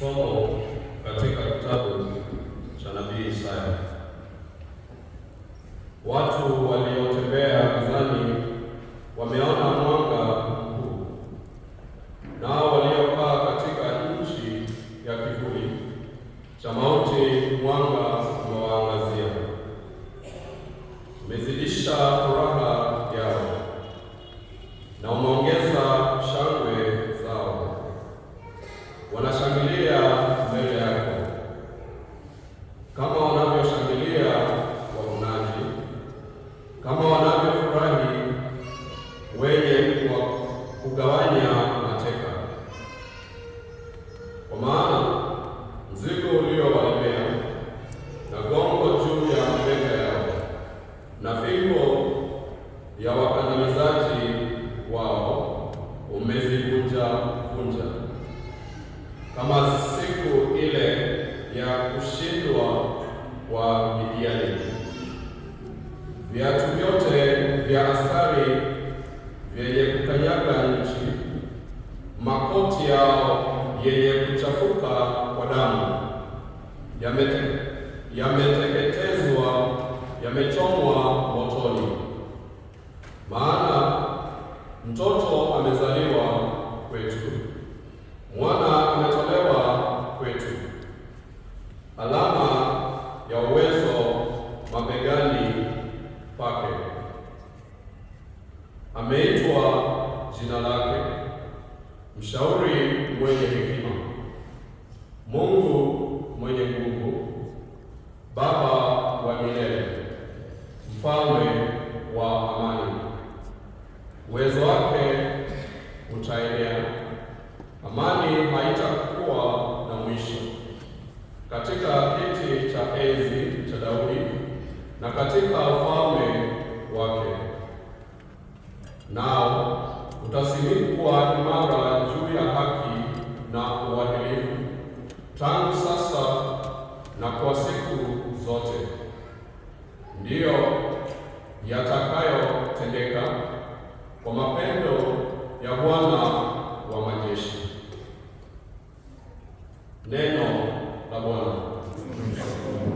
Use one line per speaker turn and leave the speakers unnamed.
Somo katika kitabu cha nabii Isaya. Watu waliotembea gizani wameona mwanga mkuu, nao waliokaa katika nchi ya kivuli cha mauti mwanga umewaangazia, umezidisha furaha siku ile ya kushindwa kwa Midiani. Viatu vyote vya askari vyenye kukanyaga nchi, makoti yao yenye kuchafuka kwa damu yameteketezwa, yamechomwa motoni. Maana mtoto amezaliwa kwetu, mwana jina lake, mshauri mwenye hekima, Mungu mwenye nguvu, Baba wa milele, mfalme wa amani. Uwezo wake utaenea, amani haitakuwa na mwisho. Katika kiti cha enzi cha Daudi na katika ufalme wake nao utasiri imara juu ya haki na uadilifu tangu sasa na kwa siku zote, ndiyo yatakayotendeka kwa mapendo ya Bwana wa majeshi. Neno la Bwana.